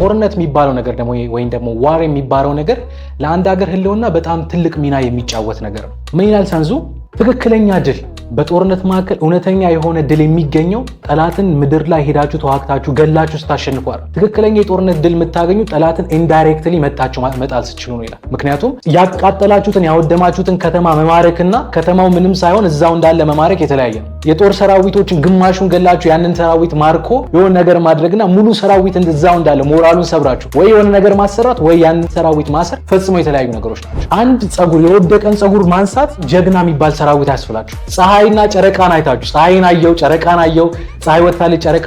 ጦርነት የሚባለው ነገር ደግሞ ወይም ደግሞ ዋር የሚባለው ነገር ለአንድ ሀገር ህልውና በጣም ትልቅ ሚና የሚጫወት ነገር ነው። ምን ይላል ሰንዙ? ትክክለኛ ድል በጦርነት መካከል እውነተኛ የሆነ ድል የሚገኘው ጠላትን ምድር ላይ ሄዳችሁ ተዋግታችሁ ገላችሁ ስታሸንፏል። ትክክለኛ የጦርነት ድል የምታገኙ ጠላትን ኢንዳይሬክትሊ መታችሁ መጣል ስችሉ ነው ይላል። ምክንያቱም ያቃጠላችሁትን ያወደማችሁትን ከተማ መማረክና ከተማው ምንም ሳይሆን እዛው እንዳለ መማረክ የተለያየ ነው። የጦር ሰራዊቶችን ግማሹን ገላችሁ ያንን ሰራዊት ማርኮ የሆነ ነገር ማድረግና ሙሉ ሰራዊት እዛው እንዳለ ሞራሉን ሰብራችሁ ወይ የሆነ ነገር ማሰራት ወይ ያንን ሰራዊት ማሰር ፈጽሞ የተለያዩ ነገሮች ናቸው። አንድ ጸጉር የወደቀን ጸጉር ማንሳት ጀግና የሚባል ሰራዊት አያስፈላችሁ። ፀሐይና ጨረቃን አይታችሁ ፀሐይን አየው ጨረቃን አየው ፀሐይ ወጥታለች ጨረቃ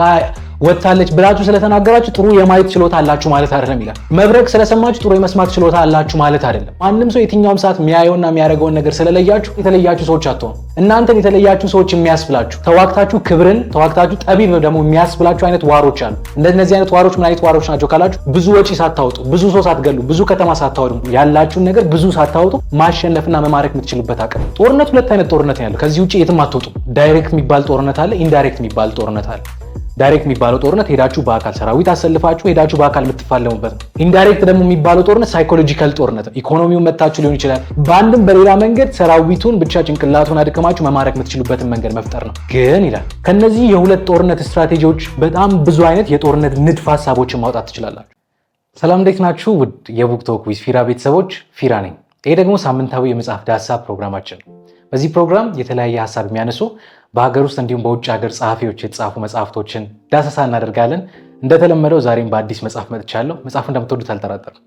ወጥታለች ብላችሁ ስለተናገራችሁ ጥሩ የማየት ችሎታ አላችሁ ማለት አይደለም ይላል። መብረቅ ስለሰማችሁ ጥሩ የመስማት ችሎታ አላችሁ ማለት አይደለም። ማንም ሰው የትኛውም ሰዓት የሚያየውና የሚያደርገውን ነገር ስለለያችሁ የተለያችሁ ሰዎች አትሆኑ። እናንተን የተለያችሁ ሰዎች የሚያስብላችሁ ተዋግታችሁ ክብርን ተዋግታችሁ ጠቢብ ደግሞ የሚያስብላችሁ አይነት ዋሮች አሉ። እንደነዚህ አይነት ዋሮች ምን አይነት ዋሮች ናቸው ካላችሁ ብዙ ወጪ ሳታወጡ፣ ብዙ ሰው ሳትገሉ፣ ብዙ ከተማ ሳታወዱ ያላችሁን ነገር ብዙ ሳታወጡ ማሸነፍና መማረክ የምትችሉበት አቅም። ጦርነት ሁለት አይነት ጦርነት ያለው ከዚህ ውጭ የትም አትወጡ። ዳይሬክት የሚባል ጦርነት አለ፣ ኢንዳይሬክት የሚባል ጦርነት አለ። ዳይሬክት የሚባለው ጦርነት ሄዳችሁ በአካል ሰራዊት አሰልፋችሁ ሄዳችሁ በአካል የምትፋለሙበት ነው። ኢንዳይሬክት ደግሞ የሚባለው ጦርነት ሳይኮሎጂካል ጦርነት ነው። ኢኮኖሚውን መታችሁ ሊሆን ይችላል። በአንድም በሌላ መንገድ ሰራዊቱን ብቻ ጭንቅላቱን አድቅማችሁ መማረክ የምትችሉበትን መንገድ መፍጠር ነው። ግን ይላል ከነዚህ የሁለት ጦርነት ስትራቴጂዎች በጣም ብዙ አይነት የጦርነት ንድፍ ሀሳቦችን ማውጣት ትችላላችሁ። ሰላም እንዴት ናችሁ? ውድ የቡክ ቶክ ዊዝ ፊራ ቤተሰቦች ፊራ ነኝ። ይሄ ደግሞ ሳምንታዊ የመጽሐፍ ዳሰሳ ፕሮግራማችን ነው። በዚህ ፕሮግራም የተለያየ ሀሳብ የሚያነሱ በሀገር ውስጥ እንዲሁም በውጭ ሀገር ጸሐፊዎች የተጻፉ መጽሐፍቶችን ዳሰሳ እናደርጋለን። እንደተለመደው ዛሬም በአዲስ መጽሐፍ መጥቻለሁ። መጽሐፉ እንደምትወዱት አልጠራጠርም።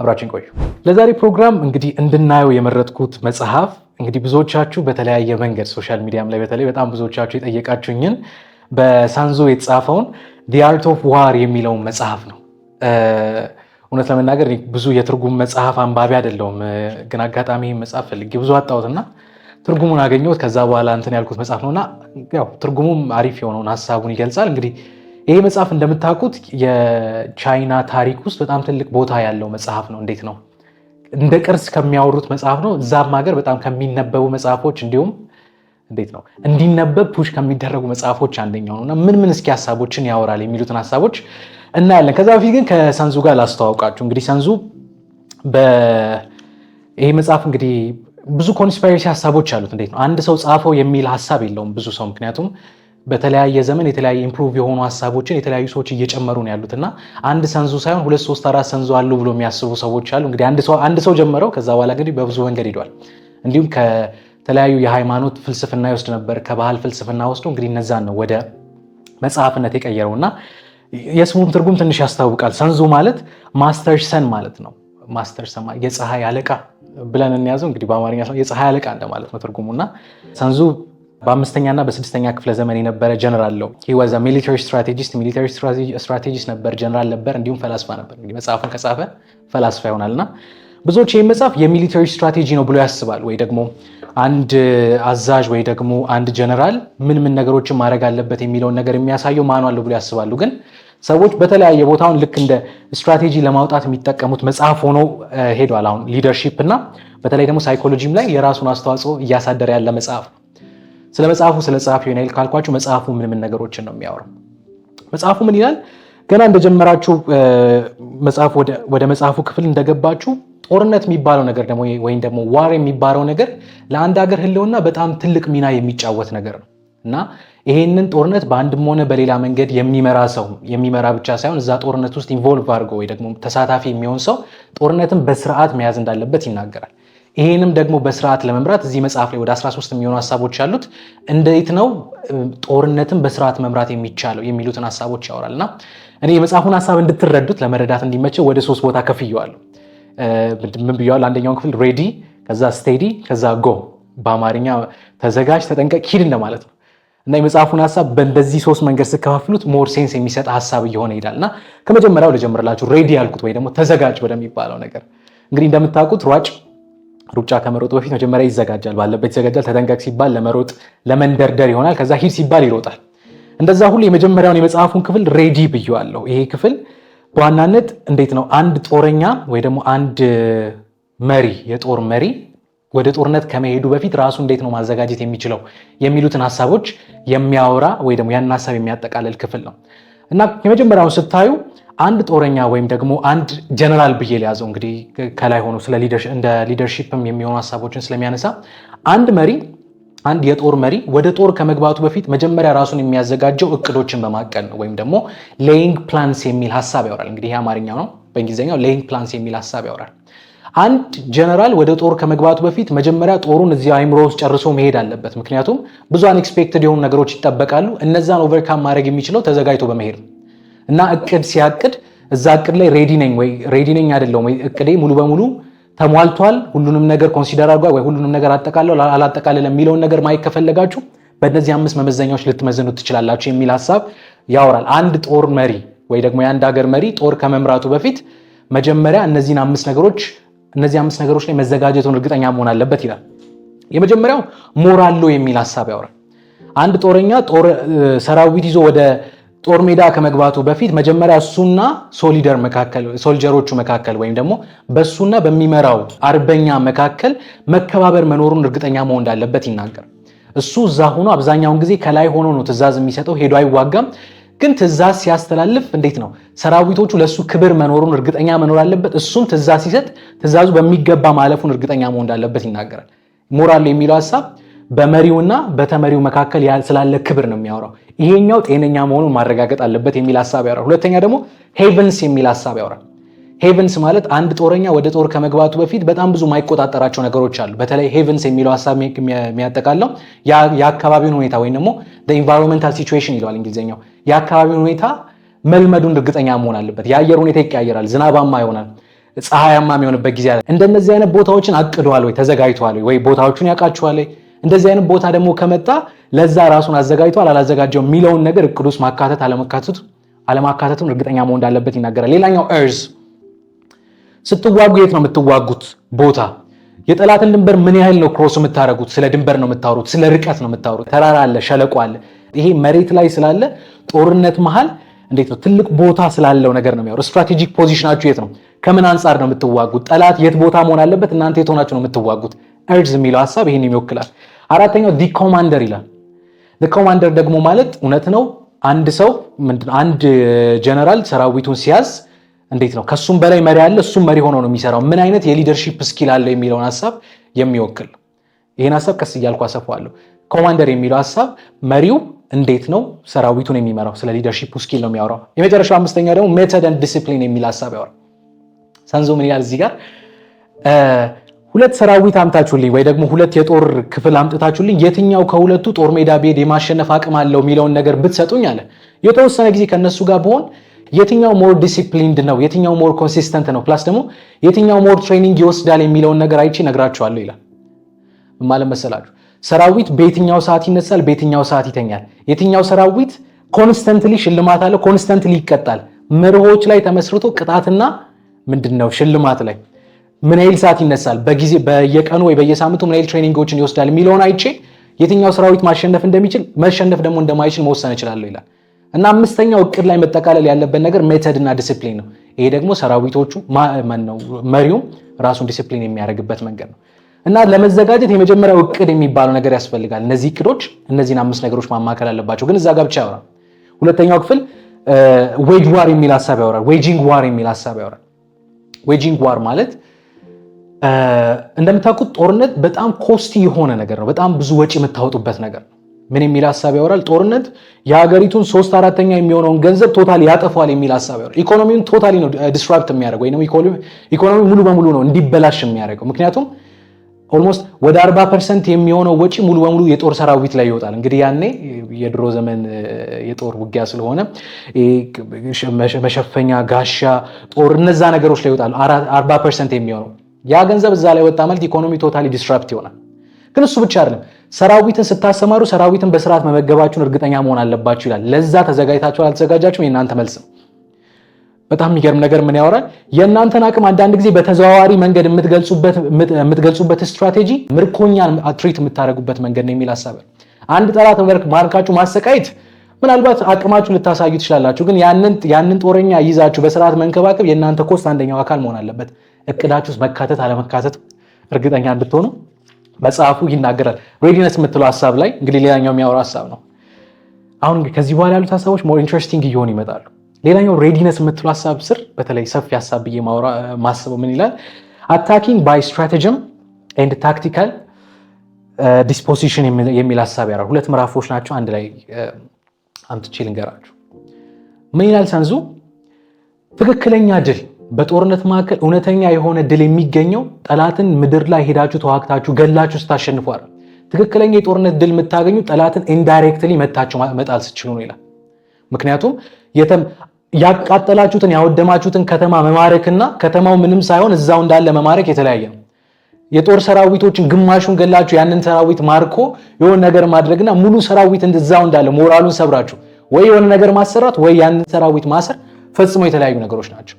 አብራችን ቆዩ። ለዛሬ ፕሮግራም እንግዲህ እንድናየው የመረጥኩት መጽሐፍ እንግዲህ ብዙዎቻችሁ በተለያየ መንገድ ሶሻል ሚዲያም ላይ በተለይ በጣም ብዙዎቻችሁ የጠየቃችሁኝን በሳንዞ የተጻፈውን ዲ አርት ኦፍ ዋር የሚለውን መጽሐፍ ነው። እውነት ለመናገር ብዙ የትርጉም መጽሐፍ አንባቢ አይደለሁም፣ ግን አጋጣሚ መጽሐፍ ፈልጌ ብዙ አጣሁትና ትርጉሙን አገኘሁት። ከዛ በኋላ እንትን ያልኩት መጽሐፍ ነውና ያው ትርጉሙም አሪፍ የሆነውን ሀሳቡን ይገልጻል። እንግዲህ ይሄ መጽሐፍ እንደምታውቁት የቻይና ታሪክ ውስጥ በጣም ትልቅ ቦታ ያለው መጽሐፍ ነው። እንዴት ነው እንደ ቅርስ ከሚያወሩት መጽሐፍ ነው። እዛም ሀገር በጣም ከሚነበቡ መጽሐፎች እንዲሁም እንዴት ነው እንዲነበብ ፑሽ ከሚደረጉ መጽሐፎች አንደኛው ነው እና ምን ምን እስኪ ሀሳቦችን ያወራል የሚሉትን ሀሳቦች እናያለን። ከዛ በፊት ግን ከሰንዙ ጋር ላስተዋውቃችሁ። እንግዲህ ሰንዙ ይሄ መጽሐፍ እንግዲህ ብዙ ኮንስፓይረሲ ሀሳቦች አሉት። እንዴት ነው አንድ ሰው ጻፈው የሚል ሀሳብ የለውም ብዙ ሰው ምክንያቱም በተለያየ ዘመን የተለያየ ኢምፕሩቭ የሆኑ ሀሳቦችን የተለያዩ ሰዎች እየጨመሩ ነው ያሉት እና አንድ ሰንዙ ሳይሆን ሁለት ሶስት አራት ሰንዙ አሉ ብሎ የሚያስቡ ሰዎች አሉ። እንግዲህ አንድ ሰው ጀመረው፣ ከዛ በኋላ እንግዲህ በብዙ መንገድ ሄዷል። እንዲሁም ከተለያዩ የሃይማኖት ፍልስፍና ይወስድ ነበር። ከባህል ፍልስፍና ወስዶ እንግዲህ እነዛን ነው ወደ መጽሐፍነት የቀየረው እና የስሙም ትርጉም ትንሽ ያስታውቃል። ሰንዙ ማለት ማስተር ሰን ማለት ነው። ማስተር ሰን የፀሐይ አለቃ ብለን እንያዘው እንግዲህ በአማርኛ የፀሐይ አለቃ እንደማለት ነው ትርጉሙ እና ሰንዙ በአምስተኛና በስድስተኛ ክፍለ ዘመን የነበረ ጀነራል ነው። ሂዋዛ ሚሊታሪ ስትራቴጂስት ሚሊታሪ ስትራቴጂስት ነበር፣ ጀነራል ነበር፣ እንዲሁም ፈላስፋ ነበር። እንግዲህ መጽሐፉን ከጻፈ ፈላስፋ ይሆናል እና ብዙዎች ይህ መጽሐፍ የሚሊታሪ ስትራቴጂ ነው ብሎ ያስባል። ወይ ደግሞ አንድ አዛዥ ወይ ደግሞ አንድ ጀነራል ምን ምን ነገሮችን ማድረግ አለበት የሚለውን ነገር የሚያሳየው አለው ብሎ ያስባሉ ግን ሰዎች በተለያየ ቦታውን ልክ እንደ ስትራቴጂ ለማውጣት የሚጠቀሙት መጽሐፍ ሆኖ ሄዷል። አሁን ሊደርሺፕ እና በተለይ ደግሞ ሳይኮሎጂም ላይ የራሱን አስተዋጽኦ እያሳደረ ያለ መጽሐፍ። ስለ መጽሐፉ ስለ ጸሐፊ ዮናይል ካልኳችሁ መጽሐፉ ምን ምን ነገሮችን ነው የሚያወራው? መጽሐፉ ምን ይላል? ገና እንደጀመራችሁ መጽሐፍ ወደ መጽሐፉ ክፍል እንደገባችሁ ጦርነት የሚባለው ነገር ደግሞ ወይም ደግሞ ዋር የሚባለው ነገር ለአንድ ሀገር ህልውና በጣም ትልቅ ሚና የሚጫወት ነገር ነው እና ይሄንን ጦርነት በአንድም ሆነ በሌላ መንገድ የሚመራ ሰው የሚመራ ብቻ ሳይሆን እዛ ጦርነት ውስጥ ኢንቮልቭ አድርጎ ወይ ደግሞ ተሳታፊ የሚሆን ሰው ጦርነትን በስርዓት መያዝ እንዳለበት ይናገራል። ይሄንም ደግሞ በስርዓት ለመምራት እዚህ መጽሐፍ ላይ ወደ 13 የሚሆኑ ሀሳቦች አሉት። እንዴት ነው ጦርነትን በስርዓት መምራት የሚቻለው የሚሉትን ሀሳቦች ያወራል እና እኔ የመጽሐፉን ሀሳብ እንድትረዱት ለመረዳት እንዲመቸው ወደ ሶስት ቦታ ከፍየዋል። ምን ብየዋለሁ? አንደኛውን ክፍል ሬዲ፣ ከዛ ስቴዲ፣ ከዛ ጎ። በአማርኛ ተዘጋጅ፣ ተጠንቀቅ፣ ሂድ እንደማለት ነው። እና የመጽሐፉን ሀሳብ በእንደዚህ ሶስት መንገድ ስከፋፍሉት ሞር ሴንስ የሚሰጥ ሀሳብ እየሆነ ይሄዳል። እና ከመጀመሪያው ልጀምርላችሁ ሬዲ ያልኩት ወይ ደግሞ ተዘጋጅ ወደሚባለው ነገር እንግዲህ እንደምታውቁት ሯጭ ሩጫ ከመሮጡ በፊት መጀመሪያ ይዘጋጃል። ባለበት ይዘጋጃል። ተጠንቀቅ ሲባል ለመሮጥ ለመንደርደር ይሆናል። ከዛ ሂድ ሲባል ይሮጣል። እንደዛ ሁሉ የመጀመሪያውን የመጽሐፉን ክፍል ሬዲ ብየዋለሁ። ይሄ ክፍል በዋናነት እንዴት ነው አንድ ጦረኛ ወይ ደግሞ አንድ መሪ የጦር መሪ ወደ ጦርነት ከመሄዱ በፊት ራሱ እንዴት ነው ማዘጋጀት የሚችለው የሚሉትን ሀሳቦች የሚያወራ ወይ ደግሞ ያን ሀሳብ የሚያጠቃልል ክፍል ነው እና የመጀመሪያውን ስታዩ አንድ ጦረኛ ወይም ደግሞ አንድ ጀነራል ብዬ ሊያዘው እንግዲህ ከላይ ሆኖ እንደ ሊደርሺፕም የሚሆኑ ሀሳቦችን ስለሚያነሳ አንድ መሪ አንድ የጦር መሪ ወደ ጦር ከመግባቱ በፊት መጀመሪያ ራሱን የሚያዘጋጀው እቅዶችን በማቀል ነው። ወይም ደግሞ ሌይንግ ፕላንስ የሚል ሀሳብ ያወራል። እንግዲህ ይህ አማርኛው ነው። በእንግሊዝኛው ሌይንግ ፕላንስ የሚል ሀሳብ ያወራል። አንድ ጀነራል ወደ ጦር ከመግባቱ በፊት መጀመሪያ ጦሩን እዚያ አይምሮ ውስጥ ጨርሶ መሄድ አለበት። ምክንያቱም ብዙ አንኤክስፔክትድ የሆኑ ነገሮች ይጠበቃሉ። እነዛን ኦቨርካም ማድረግ የሚችለው ተዘጋጅቶ በመሄድ ነው እና እቅድ ሲያቅድ እዛ እቅድ ላይ ሬዲ ነኝ ወይ ሬዲ ነኝ አይደለሁም ወይ እቅዴ ሙሉ በሙሉ ተሟልቷል፣ ሁሉንም ነገር ኮንሲደር አድርጓል ወይ ሁሉንም ነገር አጠቃለው አላጠቃለለ የሚለውን ነገር ማየት ከፈለጋችሁ በእነዚህ አምስት መመዘኛዎች ልትመዘኑ ትችላላችሁ የሚል ሀሳብ ያወራል። አንድ ጦር መሪ ወይ ደግሞ የአንድ ሀገር መሪ ጦር ከመምራቱ በፊት መጀመሪያ እነዚህን አምስት ነገሮች እነዚህ አምስት ነገሮች ላይ መዘጋጀቱን እርግጠኛ መሆን አለበት ይላል። የመጀመሪያው ሞራሎ የሚል ሀሳብ ያወራል። አንድ ጦረኛ ሰራዊት ይዞ ወደ ጦር ሜዳ ከመግባቱ በፊት መጀመሪያ እሱና ሶሊደር መካከል ሶልጀሮቹ መካከል ወይም ደግሞ በእሱና በሚመራው አርበኛ መካከል መከባበር መኖሩን እርግጠኛ መሆን እንዳለበት ይናገር። እሱ እዛ ሆኖ አብዛኛውን ጊዜ ከላይ ሆኖ ነው ትዕዛዝ የሚሰጠው፣ ሄዶ አይዋጋም። ግን ትእዛዝ ሲያስተላልፍ እንዴት ነው ሰራዊቶቹ ለእሱ ክብር መኖሩን እርግጠኛ መኖር አለበት። እሱም ትእዛዝ ሲሰጥ ትእዛዙ በሚገባ ማለፉን እርግጠኛ መሆን እንዳለበት ይናገራል። ሞራሉ የሚለው ሀሳብ በመሪውና በተመሪው መካከል ስላለ ክብር ነው የሚያወራው። ይሄኛው ጤነኛ መሆኑን ማረጋገጥ አለበት የሚል ሀሳብ ያወራል። ሁለተኛ ደግሞ ሄቨንስ የሚል ሀሳብ ያወራል። ሄቨንስ ማለት አንድ ጦረኛ ወደ ጦር ከመግባቱ በፊት በጣም ብዙ ማይቆጣጠራቸው ነገሮች አሉ። በተለይ ሄቨንስ የሚለው ሀሳብ የሚያጠቃለው የአካባቢውን ሁኔታ ወይም ደግሞ ኢንቫይሮንመንታል ሲቹዌሽን ይለዋል እንግሊዝኛው። የአካባቢውን ሁኔታ መልመዱን እርግጠኛ መሆን አለበት። የአየር ሁኔታ ይቀያየራል። ዝናባማ ይሆናል፣ ፀሐያማ የሚሆንበት ጊዜ አለ። እንደነዚህ አይነት ቦታዎችን አቅደዋል ወይ ተዘጋጅተዋል ወይ ቦታዎቹን ያውቃቸዋል እንደዚህ አይነት ቦታ ደግሞ ከመጣ ለዛ ራሱን አዘጋጅቷል አላዘጋጀው የሚለውን ነገር እቅዱስ ማካተት አለማካተቱን እርግጠኛ መሆን እንዳለበት ይናገራል። ሌላኛው እርዝ ስትዋጉ የት ነው የምትዋጉት ቦታ? የጠላትን ድንበር ምን ያህል ነው ክሮስ የምታደርጉት? ስለ ድንበር ነው የምታወሩት? ስለ ርቀት ነው የምታወሩት? ተራራ አለ፣ ሸለቆ አለ። ይሄ መሬት ላይ ስላለ ጦርነት መሀል እንዴት ነው ትልቅ ቦታ ስላለው ነገር ነው የሚያወሩ። ስትራቴጂክ ፖዚሽናችሁ የት ነው? ከምን አንጻር ነው የምትዋጉት? ጠላት የት ቦታ መሆን አለበት? እናንተ የት ሆናችሁ ነው የምትዋጉት? እርዝ የሚለው ሀሳብ ይህን ይወክላል። አራተኛው ዲ ኮማንደር ይላል። ዲ ኮማንደር ደግሞ ማለት እውነት ነው አንድ ሰው አንድ ጀነራል ሰራዊቱን ሲያዝ እንዴት ነው ከሱም በላይ መሪ አለ፣ እሱም መሪ ሆኖ ነው የሚሰራው፣ ምን አይነት የሊደርሺፕ ስኪል አለው የሚለውን ሀሳብ የሚወክል ይህን ሀሳብ ቀስ እያልኩ አሰፋዋለሁ። ኮማንደር የሚለው ሀሳብ መሪው እንዴት ነው ሰራዊቱን የሚመራው፣ ስለ ሊደርሺፕ ስኪል ነው የሚያወራው። የመጨረሻው አምስተኛው ደግሞ ሜተድ ኤንድ ዲሲፕሊን የሚል ሀሳብ ያወራል። ሰንዞ ምን ይላል እዚህ ጋር ሁለት ሰራዊት አምታችሁልኝ ወይ ደግሞ ሁለት የጦር ክፍል አምጥታችሁልኝ የትኛው ከሁለቱ ጦር ሜዳ ብሄድ የማሸነፍ አቅም አለው የሚለውን ነገር ብትሰጡኝ አለ የተወሰነ ጊዜ ከነሱ ጋር በሆን የትኛው ሞር ዲሲፕሊንድ ነው፣ የትኛው ሞር ኮንሲስተንት ነው፣ ፕላስ ደግሞ የትኛው ሞር ትሬኒንግ ይወስዳል የሚለውን ነገር አይቼ እነግራችኋለሁ ይላል። ማለት መሰላችሁ ሰራዊት በየትኛው ሰዓት ይነሳል፣ በየትኛው ሰዓት ይተኛል፣ የትኛው ሰራዊት ኮንስተንትሊ ሽልማት አለ፣ ኮንስተንትሊ ይቀጣል። መርሆች ላይ ተመስርቶ ቅጣትና ምንድን ነው ሽልማት ላይ ምን ያህል ሰዓት ይነሳል፣ በጊዜ በየቀኑ ወይ በየሳምንቱ ምን ያህል ትሬኒንጎችን ይወስዳል የሚለውን አይቼ የትኛው ሰራዊት ማሸነፍ እንደሚችል መሸነፍ ደግሞ እንደማይችል መወሰን እችላለሁ ይላል። እና አምስተኛው እቅድ ላይ መጠቃለል ያለበት ነገር ሜተድ እና ዲስፕሊን ነው። ይሄ ደግሞ ሰራዊቶቹ ነው መሪውም ራሱን ዲስፕሊን የሚያደርግበት መንገድ ነው እና ለመዘጋጀት የመጀመሪያው እቅድ የሚባለው ነገር ያስፈልጋል። እነዚህ እቅዶች እነዚህን አምስት ነገሮች ማማከል አለባቸው፣ ግን እዛ ጋር ብቻ ያወራል። ሁለተኛው ክፍል ዌጅ ዋር የሚል ሀሳብ ያወራል። ዌጂንግ ዋር የሚል ሀሳብ ያወራል። ዌጂንግ ዋር ማለት እንደምታውቁት ጦርነት በጣም ኮስቲ የሆነ ነገር ነው። በጣም ብዙ ወጪ የምታወጡበት ነገር ምን የሚል ሀሳብ ያወራል? ጦርነት የሀገሪቱን ሶስት አራተኛ የሚሆነውን ገንዘብ ቶታሊ ያጠፋል የሚል ሀሳብ ያወራል። ኢኮኖሚውን ቶታሊ ነው ዲስራፕት የሚያደርገው ወይም ኢኮኖሚ ሙሉ በሙሉ ነው እንዲበላሽ የሚያደርገው። ምክንያቱም ኦልሞስት ወደ 40 ፐርሰንት የሚሆነው ወጪ ሙሉ በሙሉ የጦር ሰራዊት ላይ ይወጣል። እንግዲህ ያኔ የድሮ ዘመን የጦር ውጊያ ስለሆነ መሸፈኛ፣ ጋሻ፣ ጦር እነዛ ነገሮች ላይ ይወጣሉ። 40 ፐርሰንት የሚሆነው ያ ገንዘብ እዛ ላይ ወጣ ማለት ኢኮኖሚ ቶታሊ ዲስራፕት ይሆናል። ግን እሱ ብቻ አይደለም ሰራዊትን ስታሰማሩ ሰራዊትን በስርዓት መመገባችሁን እርግጠኛ መሆን አለባችሁ ይላል። ለዛ ተዘጋጅታችሁ አልተዘጋጃችሁም? የእናንተ መልስ ነው። በጣም የሚገርም ነገር ምን ያወራል? የእናንተን አቅም አንዳንድ ጊዜ በተዘዋዋሪ መንገድ የምትገልጹበት ስትራቴጂ ምርኮኛን ትሪት የምታደርጉበት መንገድ ነው የሚል ሀሳብ አንድ ጠላት ማርካችሁ ማሰቃየት ምናልባት አቅማችሁ ልታሳዩ ትችላላችሁ፣ ግን ያንን ጦረኛ ይዛችሁ በስርዓት መንከባከብ የእናንተ ኮስት አንደኛው አካል መሆን አለበት። እቅዳችሁ ውስጥ መካተት አለመካተት እርግጠኛ እንድትሆኑ መጽሐፉ ይናገራል። ሬዲነስ የምትለው ሀሳብ ላይ እንግዲህ ሌላኛው የሚያወራ ሀሳብ ነው። አሁን ከዚህ በኋላ ያሉት ሀሳቦች ሞር ኢንትረስቲንግ እየሆኑ ይመጣሉ። ሌላኛው ሬዲነስ የምትለው ሀሳብ ስር በተለይ ሰፊ ሀሳብ ብዬ ማስበው ምን ይላል? አታኪንግ ባይ ስትራቴጂም ኤንድ ታክቲካል ዲስፖዚሽን የሚል ሀሳብ ያራል። ሁለት ምዕራፎች ናቸው። አንድ ላይ uh, አምጥቼ ልንገራችሁ። ምን ይላል ሰንዙ? ትክክለኛ ድል በጦርነት መካከል እውነተኛ የሆነ ድል የሚገኘው ጠላትን ምድር ላይ ሄዳችሁ ተዋግታችሁ ገላችሁ ስታሸንፉ አይደል። ትክክለኛ የጦርነት ድል የምታገኙ ጠላትን ኢንዳይሬክትሊ መታችሁ መጣል ስችሉ ነው ይላል። ምክንያቱም ያቃጠላችሁትን ያወደማችሁትን ከተማ መማረክና ከተማው ምንም ሳይሆን እዛው እንዳለ መማረክ የተለያየ ነው። የጦር ሰራዊቶችን ግማሹን ገላችሁ ያንን ሰራዊት ማርኮ የሆነ ነገር ማድረግና ሙሉ ሰራዊት እንደዛው እንዳለ ሞራሉን ሰብራችሁ ወይ የሆነ ነገር ማሰራት ወይ ያንን ሰራዊት ማሰር ፈጽሞ የተለያዩ ነገሮች ናቸው።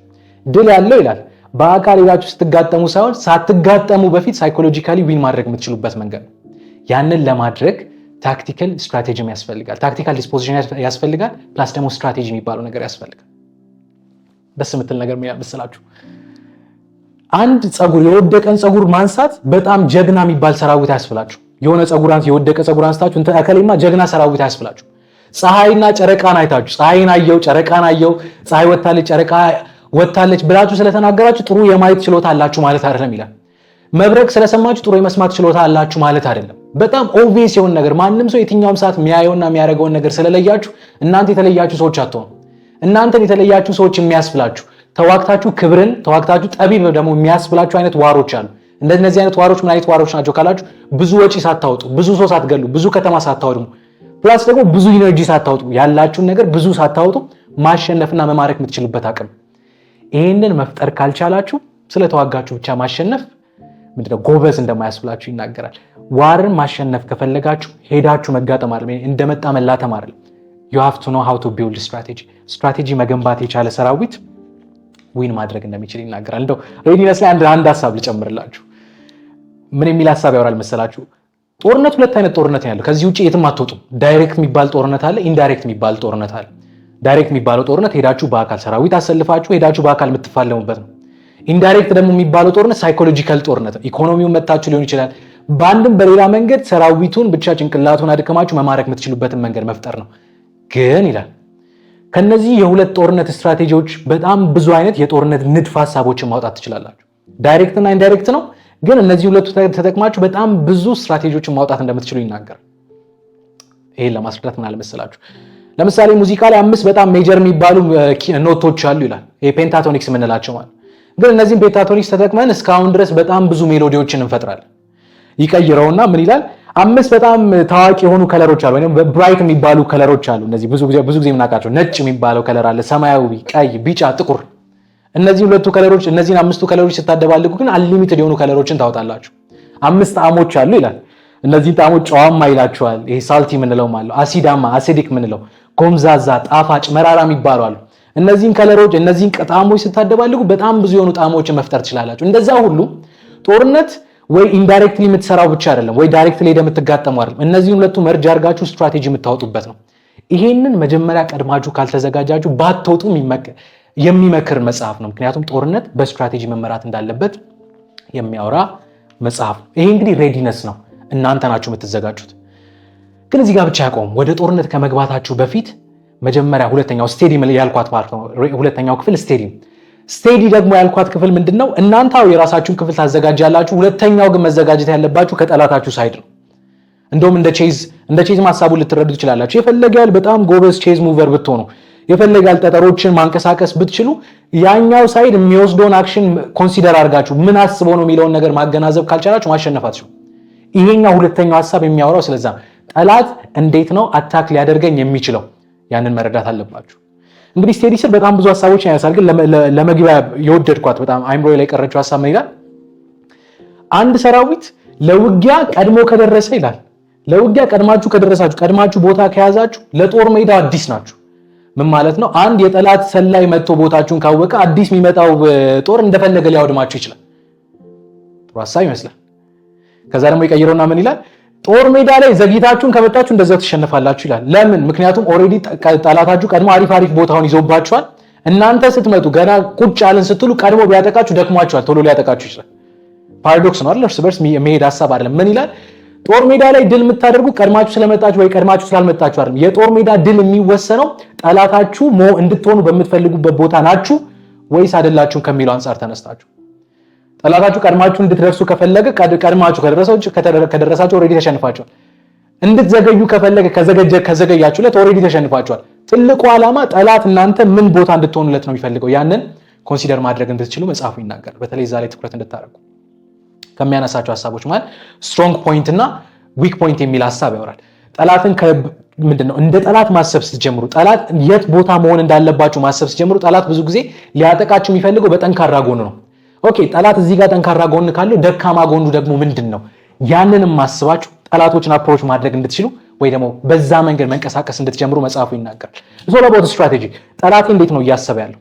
ድል ያለው ይላል በአካል ሄዳችሁ ስትጋጠሙ ሳይሆን ሳትጋጠሙ በፊት ሳይኮሎጂካሊ ዊን ማድረግ የምትችሉበት መንገድ ነው። ያንን ለማድረግ ታክቲካል ስትራቴጂም ያስፈልጋል፣ ታክቲካል ዲስፖዚሽን ያስፈልጋል፣ ፕላስ ደግሞ ስትራቴጂ የሚባለው ነገር ያስፈልጋል። ደስ የምትል ነገር ምስላችሁ አንድ ፀጉር የወደቀን ፀጉር ማንሳት በጣም ጀግና የሚባል ሰራዊት አያስፈላችሁ። የሆነ ፀጉር የወደቀ ፀጉር አንስታችሁ እንትን እከሌማ ጀግና ሰራዊት አያስፈላችሁ። ፀሐይና ጨረቃን አይታችሁ ፀሐይን አየው ጨረቃን አየው ፀሐይ ወታለች ጨረቃ ወጥታለች ብላችሁ ስለተናገራችሁ ጥሩ የማየት ችሎታ አላችሁ ማለት አይደለም ይላል። መብረቅ ስለሰማችሁ ጥሩ የመስማት ችሎታ አላችሁ ማለት አይደለም። በጣም ኦብቪየስ የሆነ ነገር ማንም ሰው የትኛውም ሰዓት የሚያየውና የሚያደርገውን ነገር ስለለያችሁ እናንተ የተለያችሁ ሰዎች አትሆኑ። እናንተን የተለያችሁ ሰዎች የሚያስብላችሁ ተዋግታችሁ ክብርን ተዋግታችሁ ጠቢብ ደግሞ የሚያስብላችሁ አይነት ዋሮች አሉ። እንደነዚህ አይነት ዋሮች ምን አይነት ዋሮች ናቸው ካላችሁ ብዙ ወጪ ሳታወጡ፣ ብዙ ሰው ሳትገሉ፣ ብዙ ከተማ ሳታወድሙ፣ ፕላስ ደግሞ ብዙ ኢነርጂ ሳታወጡ ያላችሁን ነገር ብዙ ሳታወጡ ማሸነፍና መማረክ የምትችሉበት አቅም ይህንን መፍጠር ካልቻላችሁ ስለተዋጋችሁ ብቻ ማሸነፍ ምንድነው ጎበዝ እንደማያስብላችሁ ይናገራል። ዋርን ማሸነፍ ከፈለጋችሁ ሄዳችሁ መጋጠም አለ እንደመጣ መላተም አለ ዩሃፍቱ ኖ ቢውልድ ስትራቴጂ ስትራቴጂ መገንባት የቻለ ሰራዊት ዊን ማድረግ እንደሚችል ይናገራል። እንደው ሬዲነስ ላይ አንድ ሀሳብ ልጨምርላችሁ። ምን የሚል ሀሳብ ያወራል መሰላችሁ? ጦርነት ሁለት አይነት ጦርነት ያለው ከዚህ ውጭ የትም አትወጡም። ዳይሬክት የሚባል ጦርነት አለ፣ ኢንዳይሬክት የሚባል ጦርነት አለ። ዳይሬክት የሚባለው ጦርነት ሄዳችሁ በአካል ሰራዊት አሰልፋችሁ ሄዳችሁ በአካል የምትፋለሙበት ነው። ኢንዳይሬክት ደግሞ የሚባለው ጦርነት ሳይኮሎጂካል ጦርነት ነው። ኢኮኖሚውን መታችሁ ሊሆን ይችላል። በአንድም በሌላ መንገድ ሰራዊቱን ብቻ ጭንቅላቱን አድክማችሁ መማረክ የምትችሉበትን መንገድ መፍጠር ነው። ግን ይላል ከነዚህ የሁለት ጦርነት ስትራቴጂዎች በጣም ብዙ አይነት የጦርነት ንድፍ ሀሳቦችን ማውጣት ትችላላችሁ። ዳይሬክት እና ኢንዳይሬክት ነው። ግን እነዚህ ሁለቱ ተጠቅማችሁ በጣም ብዙ ስትራቴጂዎችን ማውጣት እንደምትችሉ ይናገር። ይህን ለማስረዳት ምን አለመሰላችሁ ለምሳሌ ሙዚቃ ላይ አምስት በጣም ሜጀር የሚባሉ ኖቶች አሉ ይላል። ፔንታቶኒክስ የምንላቸው ማለት ግን እነዚህም ፔንታቶኒክስ ተጠቅመን እስካሁን ድረስ በጣም ብዙ ሜሎዲዎችን እንፈጥራለን። ይቀይረውና ምን ይላል? አምስት በጣም ታዋቂ የሆኑ ከለሮች አሉ፣ ወይም ብራይት የሚባሉ ከለሮች አሉ። እነዚህ ብዙ ጊዜ ብዙ ጊዜ የምናውቃቸው ነጭ የሚባለው ከለር አለ፣ ሰማያዊ፣ ቀይ፣ ቢጫ፣ ጥቁር። እነዚህ ሁለቱ ከለሮች እነዚህን አምስቱ ከለሮች ስታደባልቁ ግን አንሊሚትድ የሆኑ ከለሮችን ታወጣላችሁ። አምስት ጣዕሞች አሉ ይላል። እነዚህ ጣዕሞች ጨዋማ ይላቸዋል። ይሄ ሳልቲ የምንለው ማለት አሲዳማ፣ አሲዲክ የምንለው ጎምዛዛ፣ ጣፋጭ፣ መራራ የሚባሉ አሉ። እነዚህን ከለሮች እነዚህን ጣዕሞች ስታደባልቁ በጣም ብዙ የሆኑ ጣዕሞችን መፍጠር ትችላላችሁ። እንደዛ ሁሉ ጦርነት ወይ ኢንዳይሬክትሊ የምትሰራው ብቻ አይደለም፣ ወይ ዳይሬክትሊ ሄደህ የምትጋጠመው አይደለም። እነዚህን ሁለቱ መርጅ አድርጋችሁ ስትራቴጂ የምታወጡበት ነው። ይሄንን መጀመሪያ ቀድማችሁ ካልተዘጋጃችሁ ባትወጡ የሚመክር መጽሐፍ ነው። ምክንያቱም ጦርነት በስትራቴጂ መመራት እንዳለበት የሚያወራ መጽሐፍ ነው። ይሄ እንግዲህ ሬዲነስ ነው። እናንተ ናችሁ የምትዘጋጁት። ግን እዚህ ጋር ብቻ ያቆም። ወደ ጦርነት ከመግባታችሁ በፊት መጀመሪያ ሁለተኛው ስቴዲም ያልኳት ማለት ነው። ሁለተኛው ክፍል ስቴዲም ስቴዲ ደግሞ ያልኳት ክፍል ምንድን ነው? የራሳችሁን ክፍል ታዘጋጃላችሁ። ሁለተኛው ግን መዘጋጀት ያለባችሁ ከጠላታችሁ ሳይድ ነው። እንደውም እንደ ቼዝ እንደ ቼዝ ሀሳቡ ልትረዱ ትችላላችሁ። የፈለገ ያህል በጣም ጎበዝ ቼዝ ሙቨር ብትሆኑ፣ የፈለገ ያህል ጠጠሮችን ማንቀሳቀስ ብትችሉ፣ ያኛው ሳይድ የሚወስደውን አክሽን ኮንሲደር አድርጋችሁ ምን አስበው ነው የሚለውን ነገር ማገናዘብ ካልቻላችሁ ማሸነፋችሁ። ይሄኛው ሁለተኛው ሀሳብ የሚያወራው ስለዛ ጠላት እንዴት ነው አታክ ሊያደርገኝ የሚችለው? ያንን መረዳት አለባችሁ። እንግዲህ ስቴዲ ስር በጣም ብዙ ሀሳቦች ያነሳል፣ ግን ለመግቢያ የወደድኳት በጣም አይምሮ ላይ ቀረችው ሀሳብ ምን ይላል? አንድ ሰራዊት ለውጊያ ቀድሞ ከደረሰ ይላል ለውጊያ ቀድማችሁ ከደረሳችሁ ቀድማችሁ ቦታ ከያዛችሁ ለጦር ሜዳ አዲስ ናችሁ። ምን ማለት ነው? አንድ የጠላት ሰላይ መጥቶ ቦታችሁን ካወቀ አዲስ የሚመጣው ጦር እንደፈለገ ሊያወድማችሁ ይችላል። ጥሩ ሀሳብ ይመስላል። ከዛ ደግሞ የቀይረውና ምን ይላል? ጦር ሜዳ ላይ ዘግይታችሁን ከመጣችሁ እንደዛ ትሸነፋላችሁ ይላል። ለምን? ምክንያቱም ኦልሬዲ ጠላታችሁ ቀድሞ አሪፍ አሪፍ ቦታውን ይዞባችኋል። እናንተ ስትመጡ ገና ቁጭ አለን ስትሉ ቀድሞ ቢያጠቃችሁ ደክሟችኋል፣ ቶሎ ሊያጠቃችሁ ይችላል። ፓራዶክስ ነው አይደል? እርስ በርስ መሄድ ሀሳብ አይደለም። ምን ይላል? ጦር ሜዳ ላይ ድል የምታደርጉ ቀድማችሁ ስለመጣችሁ ወይ ቀድማችሁ ስላልመጣችሁ አይደለም። የጦር ሜዳ ድል የሚወሰነው ጠላታችሁ እንድትሆኑ በምትፈልጉበት ቦታ ናችሁ ወይስ አይደላችሁም ከሚለው አንጻር ተነስታችሁ ጠላታችሁ ቀድማችሁ እንድትደርሱ ከፈለገ ቀድማችሁ ከደረሰው ከደረሳችሁ ኦልሬዲ ተሸንፋችኋል። እንድትዘገዩ ከፈለገ ከዘገያችሁለት ኦልሬዲ ተሸንፋችኋል። ትልቁ ዓላማ ጠላት እናንተ ምን ቦታ እንድትሆኑለት ነው የሚፈልገው ያንን ኮንሲደር ማድረግ እንድትችሉ መጽሐፉ ይናገራል። በተለይ እዛ ላይ ትኩረት እንድታደርጉ ከሚያነሳቸው ሀሳቦች ማለት ስትሮንግ ፖይንት እና ዊክ ፖይንት የሚል ሀሳብ ያወራል። ጠላትን ምንድን ነው እንደ ጠላት ማሰብ ስትጀምሩ፣ ጠላት የት ቦታ መሆን እንዳለባችሁ ማሰብ ስትጀምሩ፣ ጠላት ብዙ ጊዜ ሊያጠቃችሁ የሚፈልገው በጠንካራ ጎኑ ነው። ኦኬ ጠላት እዚህ ጋር ጠንካራ ጎን ካለው ደካማ ጎኑ ደግሞ ምንድን ነው? ያንንም አስባችሁ ጠላቶችን አፕሮች ማድረግ እንድትችሉ ወይ ደግሞ በዛ መንገድ መንቀሳቀስ እንድትጀምሩ መጽሐፉ ይናገራል። ሶል ለቦት ስትራቴጂ። ጠላት እንዴት ነው እያሰበ ያለው?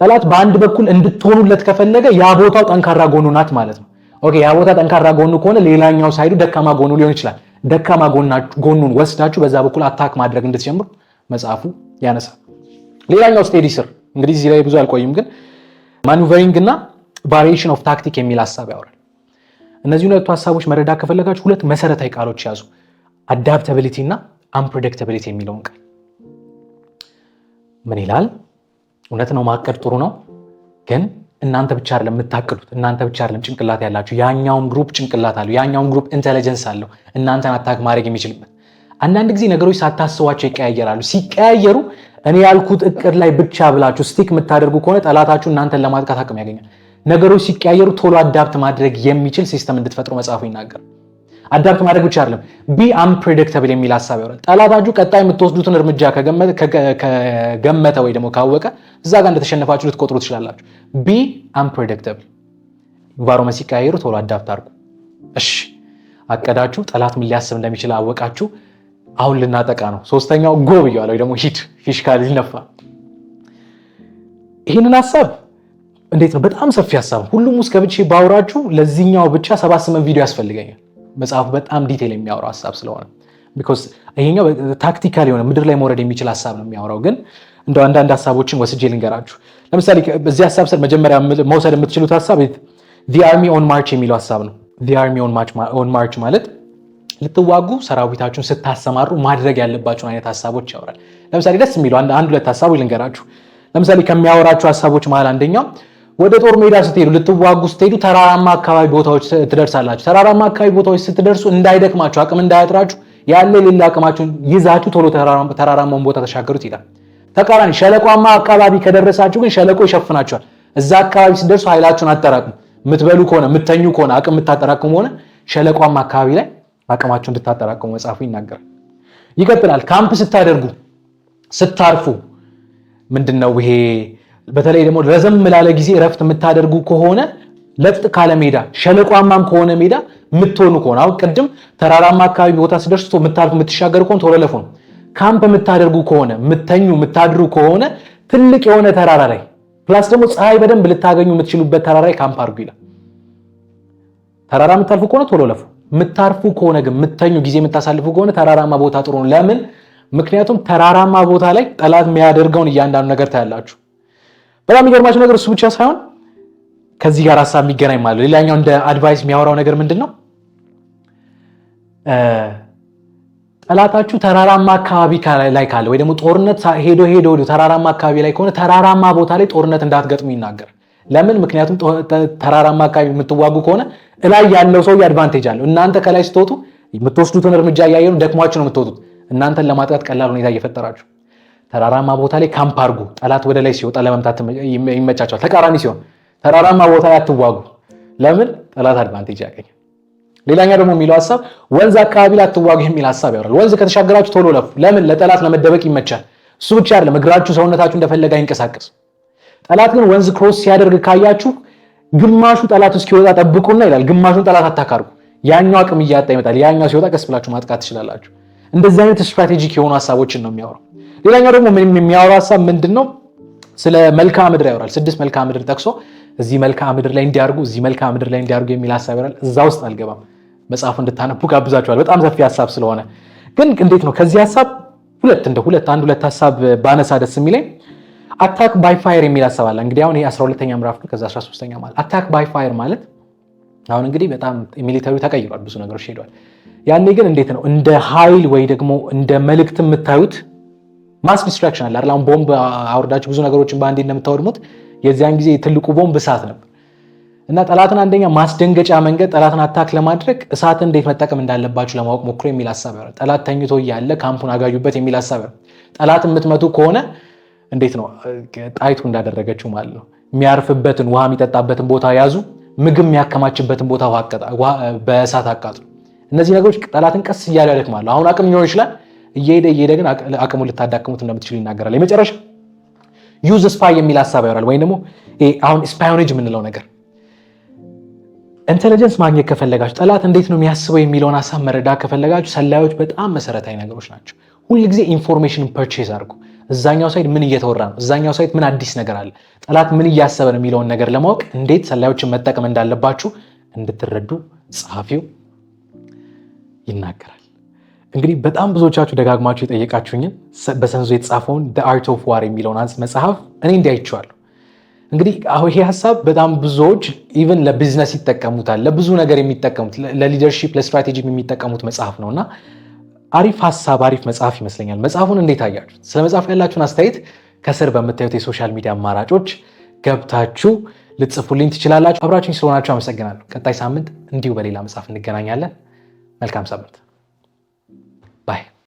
ጠላት በአንድ በኩል እንድትሆኑለት ከፈለገ ያ ቦታው ጠንካራ ጎኑ ናት ማለት ነው። ኦኬ ያ ቦታ ጠንካራ ጎኑ ከሆነ ሌላኛው ሳይዱ ደካማ ጎኑ ሊሆን ይችላል። ደካማ ጎኑን ወስዳችሁ በዛ በኩል አታክ ማድረግ እንድትጀምሩ መጽሐፉ ያነሳል። ሌላኛው ስቴዲ ስር እንግዲህ እዚህ ላይ ብዙ አልቆይም፣ ግን ማኑቨሪንግ እና ቫሪዬሽን ኦፍ ታክቲክ የሚል ሀሳብ ያወራል። እነዚህ ሁለቱ ሀሳቦች መረዳ ከፈለጋችሁ ሁለት መሰረታዊ ቃሎች ያዙ፣ አዳፕታቢሊቲ እና አንፕሬዲክታቢሊቲ የሚለውን ቃል ምን ይላል? እውነት ነው ማቀድ ጥሩ ነው፣ ግን እናንተ ብቻ አይደለም የምታቅዱት፣ እናንተ ብቻ አይደለም ጭንቅላት ያላችሁ፣ ያኛውም ግሩፕ ጭንቅላት አለው፣ ያኛውም ግሩፕ ኢንቴሊጀንስ አለው፣ እናንተን አታክ ማድረግ የሚችልበት አንዳንድ ጊዜ ነገሮች ሳታስቧቸው ይቀያየራሉ። ሲቀያየሩ እኔ ያልኩት እቅድ ላይ ብቻ ብላችሁ ስቲክ የምታደርጉ ከሆነ ጠላታችሁ እናንተን ለማጥቃት አቅም ያገኛል። ነገሮች ሲቀያየሩ ቶሎ አዳፕት ማድረግ የሚችል ሲስተም እንድትፈጥሩ መጽሐፉ ይናገር። አዳፕት ማድረግ ብቻ አይደለም፣ ቢ አንፕሬዲክተብል የሚል ሀሳብ ያወራል። ጠላታችሁ ቀጣይ የምትወስዱትን እርምጃ ከገመተ ወይ ደግሞ ካወቀ እዛ ጋር እንደተሸነፋችሁ ልትቆጥሩ ትችላላችሁ። ቢ አንፕሬዲክተብል፣ ባሮመ ሲቀያየሩ ቶሎ አዳፕት አድርጉ። እሺ አቀዳችሁ፣ ጠላት ምን ሊያስብ እንደሚችል አወቃችሁ። አሁን ልናጠቃ ነው። ሶስተኛው ጎ ብያለሁ ወይ ደግሞ ሂድ፣ ፊሽካል ሊነፋ ይህንን ሀሳብ እንዴት ነው በጣም ሰፊ ሀሳብ ሁሉም ውስጥ ከብቼ ባውራችሁ ለዚህኛው ብቻ ሰባት ስምንት ቪዲዮ ያስፈልገኛል። መጽሐፉ በጣም ዲቴል የሚያወራው ሀሳብ ስለሆነ ቢኮዝ ይሄኛው ታክቲካል የሆነ ምድር ላይ መውረድ የሚችል ሀሳብ ነው የሚያወራው። ግን እንደው አንዳንድ ሀሳቦችን ወስጄ ልንገራችሁ። ለምሳሌ በዚህ ሀሳብ ስር መጀመሪያ መውሰድ የምትችሉት ሀሳብ ዲ አርሚ ኦን ማርች የሚለው ሀሳብ ነው። ዲ አርሚ ኦን ማርች ማለት ልትዋጉ ሰራዊታችሁን ስታሰማሩ ማድረግ ያለባቸውን አይነት ሀሳቦች ያወራል። ለምሳሌ ደስ የሚለው አንድ ሁለት ሀሳቦች ልንገራችሁ። ለምሳሌ ከሚያወራችሁ ሀሳቦች መሀል አንደኛው ወደ ጦር ሜዳ ስትሄዱ ልትዋጉ ስትሄዱ ተራራማ አካባቢ ቦታዎች ትደርሳላችሁ። ተራራማ አካባቢ ቦታዎች ስትደርሱ እንዳይደክማችሁ፣ አቅም እንዳያጥራችሁ ያለ ሌላ አቅማችሁን ይዛችሁ ቶሎ ተራራማውን ቦታ ተሻገሩት ይላል። ተቃራኒ ሸለቋማ አካባቢ ከደረሳችሁ ግን ሸለቆ ይሸፍናችኋል። እዛ አካባቢ ስትደርሱ ኃይላችሁን አጠራቅሙ። የምትበሉ ከሆነ የምተኙ ከሆነ አቅም የምታጠራቅሙ ከሆነ ሸለቋማ አካባቢ ላይ አቅማችሁን እንድታጠራቅሙ መጽሐፉ ይናገራል። ይቀጥላል። ካምፕ ስታደርጉ ስታርፉ ምንድን ነው ይሄ በተለይ ደግሞ ረዘም ላለ ጊዜ እረፍት የምታደርጉ ከሆነ ለጥ ካለ ሜዳ ሸለቋማም ከሆነ ሜዳ የምትሆኑ ከሆነ አሁን ቅድም ተራራማ አካባቢ ቦታ ስደርስ የምታልፉ የምትሻገሩ ከሆነ ቶሎ ለፉ ነው። ካምፕ የምታደርጉ ከሆነ የምተኙ የምታድሩ ከሆነ ትልቅ የሆነ ተራራ ላይ ፕላስ ደግሞ ፀሐይ በደንብ ልታገኙ የምትችሉበት ተራራ ላይ ካምፕ አድርጉ ይላል። ተራራ የምታልፉ ከሆነ ቶሎ ለፉ። የምታርፉ ከሆነ ግን የምተኙ ጊዜ የምታሳልፉ ከሆነ ተራራማ ቦታ ጥሩ ነው። ለምን? ምክንያቱም ተራራማ ቦታ ላይ ጠላት የሚያደርገውን እያንዳንዱ ነገር ታያላችሁ። በጣም የሚገርማቸው ነገር እሱ ብቻ ሳይሆን ከዚህ ጋር ሀሳብ የሚገናኝ ማለት ሌላኛው እንደ አድቫይስ የሚያወራው ነገር ምንድን ነው? ጠላታችሁ ተራራማ አካባቢ ላይ ካለ ወይ ደግሞ ጦርነት ሄዶ ሄዶ ተራራማ አካባቢ ላይ ከሆነ ተራራማ ቦታ ላይ ጦርነት እንዳትገጥሙ ይናገር። ለምን? ምክንያቱም ተራራማ አካባቢ የምትዋጉ ከሆነ እላይ ያለው ሰው አድቫንቴጅ አለው። እናንተ ከላይ ስትወጡ የምትወስዱትን እርምጃ እያየ ደክሟችሁ ነው የምትወጡት። እናንተን ለማጥቃት ቀላል ሁኔታ እየፈጠራችሁ ተራራማ ቦታ ላይ ካምፕ አድርጉ። ጠላት ወደ ላይ ሲወጣ ለመምታት ይመቻቸዋል። ተቃራኒ ሲሆን ተራራማ ቦታ ላይ አትዋጉ። ለምን? ጠላት አድቫንቴጅ ያገኛል? ሌላኛው ደግሞ የሚለው ሀሳብ ወንዝ አካባቢ ላይ አትዋጉ የሚል ሀሳብ ያወራል። ወንዝ ከተሻገራችሁ ቶሎ ለፉ። ለምን? ለጠላት ለመደበቅ ይመቻል። እሱ ብቻ አይደለም፣ እግራችሁ ሰውነታችሁ እንደፈለገ አይንቀሳቀስ። ጠላት ግን ወንዝ ክሮስ ሲያደርግ ካያችሁ ግማሹ ጠላት እስኪወጣ ጠብቁና ይላል። ግማሹን ጠላት አታካርጉ። ያኛው አቅም እያጣ ይመጣል። ያኛው ሲወጣ ቀስ ብላችሁ ማጥቃት ትችላላችሁ። እንደዚህ አይነት ስትራቴጂክ የሆኑ ሀሳቦችን ነው የሚያወራው። ሌላኛው ደግሞ ምንም የሚያወራው ሀሳብ ምንድን ነው? ስለ መልክዓ ምድር ያወራል። ስድስት መልክዓ ምድር ጠቅሶ እዚህ መልክዓ ምድር ላይ እንዲያርጉ፣ እዚህ መልክዓ ምድር ላይ እንዲያርጉ የሚል ሀሳብ ያወራል። እዛ ውስጥ አልገባም። መጽሐፉ እንድታነቡ ጋብዛችኋል። በጣም ሰፊ ሀሳብ ስለሆነ ግን እንዴት ነው ከዚህ ሀሳብ ሁለት እንደ ሁለት አንድ ሁለት ሀሳብ ባነሳ ደስ የሚለኝ አታክ ባይ ፋየር የሚል ሀሳብ አለ። እንግዲህ አሁን ይሄ 12ኛ ምዕራፍ ነው። ከዛ 13ኛ ማለት አታክ ባይ ፋየር ማለት አሁን እንግዲህ በጣም ሚሊተሪ ተቀይሯል፣ ብዙ ነገሮች ሄዷል። ያኔ ግን እንዴት ነው እንደ ኃይል ወይ ደግሞ እንደ መልእክት የምታዩት ማስ ዲስትራክሽን አለ አይደል? አሁን ቦምብ አውርዳችሁ ብዙ ነገሮችን በአንዴ እንደምታወድሙት የዚያን ጊዜ ትልቁ ቦምብ እሳት ነበር። እና ጠላትን አንደኛ ማስደንገጫ መንገድ ጠላትን አታክ ለማድረግ እሳትን እንዴት መጠቀም እንዳለባችሁ ለማወቅ ሞክሮ የሚል ሀሳብ ያወራል። ጠላት ተኝቶ እያለ ካምፑን አጋዩበት የሚል ሀሳብ ያወራል። ጠላት የምትመቱ ከሆነ እንዴት ነው ጣይቱ እንዳደረገችው ማለት ነው የሚያርፍበትን ውሃ የሚጠጣበትን ቦታ ያዙ ምግብ የሚያከማችበትን ቦታ በእሳት አቃጥሉ። እነዚህ ነገሮች ጠላትን ቀስ እያለ ያደክማሉ። አሁን አቅም ሊሆን ይችላል፣ እየሄደ እየሄደ ግን አቅሙን ልታዳክሙት እንደምትችሉ ይናገራል። የመጨረሻ ዩዝ ስፓይ የሚል ሀሳብ ያወራል። ወይም ደግሞ አሁን ስፓዮኔጅ የምንለው ነገር ኢንቴሊጀንስ ማግኘት ከፈለጋችሁ ጠላት እንዴት ነው የሚያስበው የሚለውን ሀሳብ መረዳት ከፈለጋችሁ ሰላዮች በጣም መሰረታዊ ነገሮች ናቸው። ሁልጊዜ ኢንፎርሜሽን ፐርቼዝ አድርጉ። እዛኛው ሳይድ ምን እየተወራ ነው፣ እዛኛው ሳይድ ምን አዲስ ነገር አለ፣ ጠላት ምን እያሰበ ነው የሚለውን ነገር ለማወቅ እንዴት ሰላዮችን መጠቀም እንዳለባችሁ እንድትረዱ ጸሐፊው ይናገራል። እንግዲህ በጣም ብዙዎቻችሁ ደጋግማችሁ የጠየቃችሁኝን በሰንዞ የተጻፈውን አርት ኦፍ ዋር የሚለውን አንስ መጽሐፍ እኔ እንዲያይቸዋለሁ። እንግዲህ ይሄ ሀሳብ በጣም ብዙዎች ኢቨን ለቢዝነስ ይጠቀሙታል፣ ለብዙ ነገር የሚጠቀሙት ለሊደርሺፕ ለስትራቴጂ የሚጠቀሙት መጽሐፍ ነው እና አሪፍ ሀሳብ አሪፍ መጽሐፍ ይመስለኛል። መጽሐፉን እንዴት አያችሁት? ስለ መጽሐፍ ያላችሁን አስተያየት ከስር በምታዩት የሶሻል ሚዲያ አማራጮች ገብታችሁ ልትጽፉልኝ ትችላላችሁ። አብራችሁኝ ስለሆናችሁ አመሰግናለሁ። ቀጣይ ሳምንት እንዲሁ በሌላ መጽሐፍ እንገናኛለን። መልካም ሳምንት